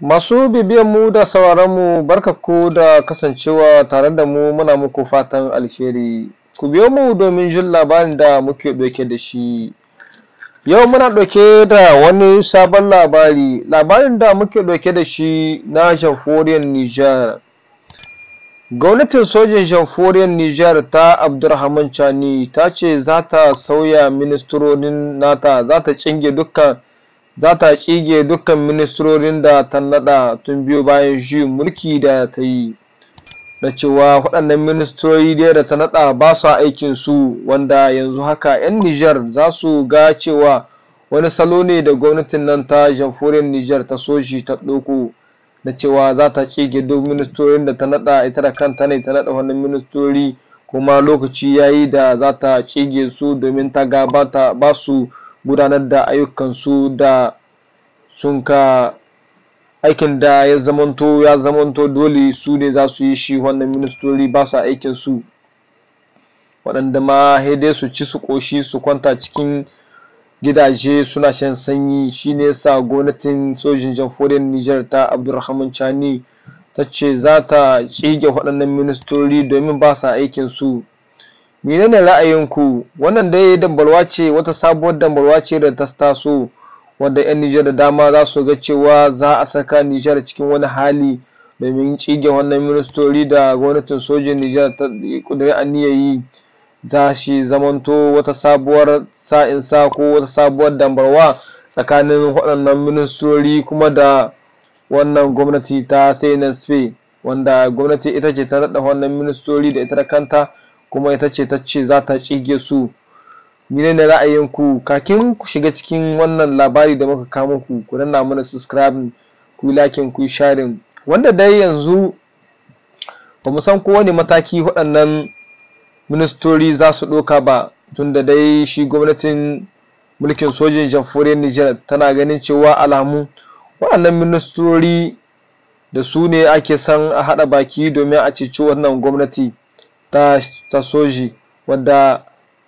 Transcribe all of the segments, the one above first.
Masu bibiyan mu da sauraron mu barkaku da kasancewa tare da mu muna muku fatan alheri. Ku biyo mu domin jin labarin da muke ɗauke da shi. Yau muna ɗauke da wani sabon labari, labarin da muke ɗauke da shi na jamhuriyar Nijar. Gwamnatin sojin jamhuriyar Nijar ta Abdurrahman Chani ta ce za ta sauya ministrorin nata za ta cinge dukkan za ta dukkan ministrorin da ta naɗa tun biyu bayan shi mulki da ta yi da cewa waɗannan ministoyi dai da ta nada ba su aikin su wanda yanzu haka 'yan Nijar za su ga cewa wani salo ne da gwamnatin nan ta jamhuriyar Nijar ta soshi ta ɗauko da cewa za ta tsige duk ministrorin da ta nada ita da kanta ne ta nada wannan ministrori kuma lokaci yayi da za ta tsige su domin ta gabata ba su gudanar da ayyukansu da sun ka aikin da ya zamanto ya zamanto dole su ne za su yi shi wannan ministori ba sa aikin su waɗanda ma dai su ci su ƙoshi su kwanta cikin gidaje suna shan sanyi shi ne sa gwamnatin sojin jamhuriyar niger ta abdulrahman chani ta ce za ta tsige waɗannan ministori domin ba sa aikin su menene ra'ayinku wannan dai dambarwa ce wata sabuwar dambarwa ce da ta taso wanda 'yan nijar da dama za su ga cewa za a saka nijar cikin wani hali domin cige wannan ministori da gwamnatin sojin nijar ta kudurin aniyar za shi zamanto wata sabuwar sa'insa ko wata sabuwar dambarwa tsakanin waɗannan ministori kuma da wannan gwamnati ta sai na wanda gwamnati ita ce ta naɗa wannan ministori da ita da kanta kuma ita ce ta ce za ta cige su menene ra'ayinku kakin ku shiga cikin wannan labari da muka kama ku? ku danna mana subscribe ku yi lakin ku yi wanda dai yanzu ba mu san kowane mataki waɗannan ministori za su ɗauka ba tunda dai shi gwamnatin mulkin sojin jamhuriyar Nijar tana ganin cewa alamu waɗannan ministori da su ne ake san a haɗa baki domin a ceci wannan gwamnati ta soji wadda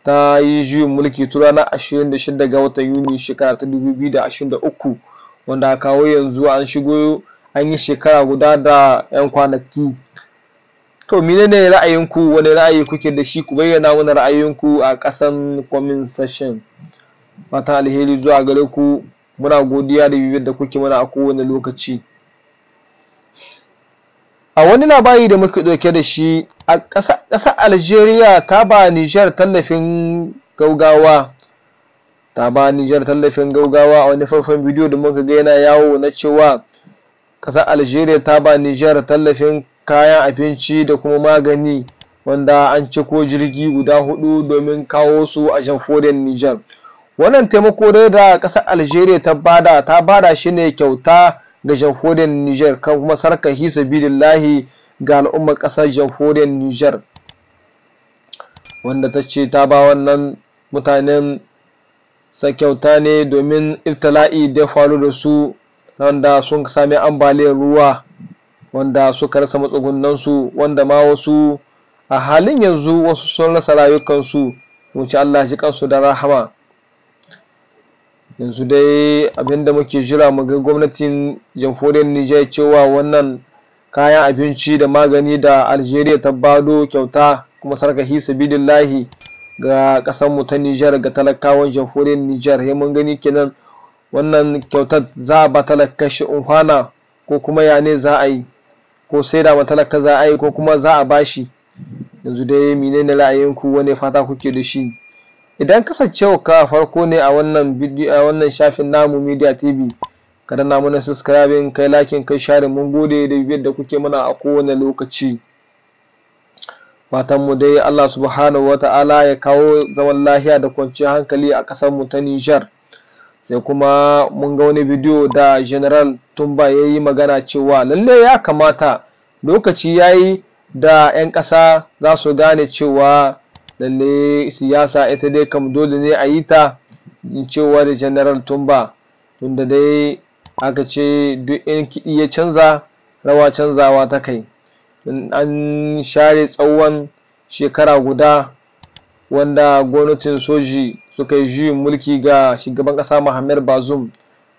ta yi juyin mulki tun ranar 26 ga watan yuni shekara ta 2023 wanda a kawo yanzu an shigo an yi shekara guda da 'yan kwanaki to menene ra'ayinku wani ra'ayi kuke da shi ku bayyana mana ra'ayinku a kasan comment session mata alheri zuwa gare ku muna godiya da bibiyar da kuke mana a kowane lokaci a wani labari da muke ɗauke da shi a ƙasa algeria ta ba nijar tallafin gaugawa ta ba nijar tallafin gaugawa a wani farfan bidiyo da muka ga yana yawo na cewa ƙasa algeria ta ba nijar tallafin kayan abinci da kuma magani wanda an ciko jirgi guda hudu domin kawo su a jamforin nijar wannan taimako da ƙasar algeria ta bada ta bada shi ne kyauta ga jamhuriyar niger kan kuma sarka hisa bidillahi ga al'ummar ƙasar jamhuriyar niger. wanda ta ce ta ba wannan mutanen sakyauta ne domin iftila'i da ya faru da su wanda sun sami ambaliyar ruwa wanda suka rasa matsugunansu wanda ma wasu a halin yanzu wasu sun rasa rayukansu wuce Allah ji kansu da rahama yanzu dai abinda muke jira mu ga gwamnatin jamhuriyar Nijar cewa wannan kayan abinci da magani da Algeria ta bado kyauta kuma sarkahi sabilillahi ga ƙasar mu ta Nijar ga talakawan jamhuriyar Nijar ya mun gani kenan wannan kyautar za a ba talaka shi umfana ko kuma ya ne za a yi ko sai da matalaka za a yi ko kuma za a bashi yanzu dai menene ra'ayinku wane fata kuke da shi idan kasancewa ka farko ne a wannan a wannan shafin namu media tv ka danna mana subscribing kai lakin kai share mun gode da bibiyar da kuke mana a kowane lokaci fatan mu dai Allah subhanahu wata'ala ya kawo zaman lafiya da kwanciyar hankali a kasar mu ta Nijar sai kuma mun ga wani bidiyo da General Tumba ya yi magana cewa lalle ya kamata lokaci yayi da 'yan ƙasa za su gane cewa lalle siyasa ita dai kam dole ne a yi ta cewa da general tumba tunda dai aka ce duk in kiɗi ya canza rawa canzawa ta kai an share tsawon shekara guda wanda gwamnatin soji suka yi juyin mulki ga shugaban ƙasa muhammad bazum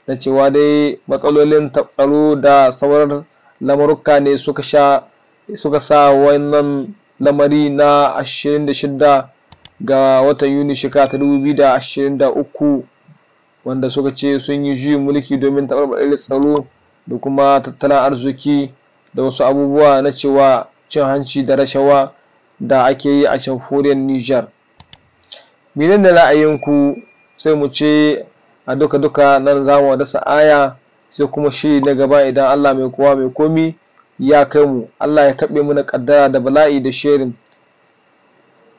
na cewa dai matsalolin tsaro da sauran lamurka ne suka sa wannan lamari na 26 ga watan yuni shekara 2023 wanda suka ce sun yi juyin mulki domin taɓarɓarar tsaro da kuma tattalin arziki da wasu abubuwa na cewa cin hanci da rashawa da ake yi a jamhuriyar niger minin da ra'ayinku sai mu ce a duka-duka nan zamu mu dasa aya sai kuma shi na gaba idan allah mai kowa mai komi ya kai mu Allah ya kaɓe mana ƙaddara da bala'i da sherin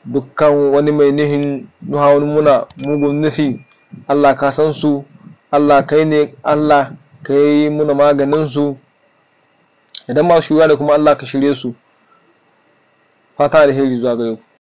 dukkan wani mai nihin wani muna mugun nufi Allah ka san su Allah kai ne Allah ka yi muna maganin su idan masu shirya ne kuma Allah ka shirye su fata da heri zuwa gare ku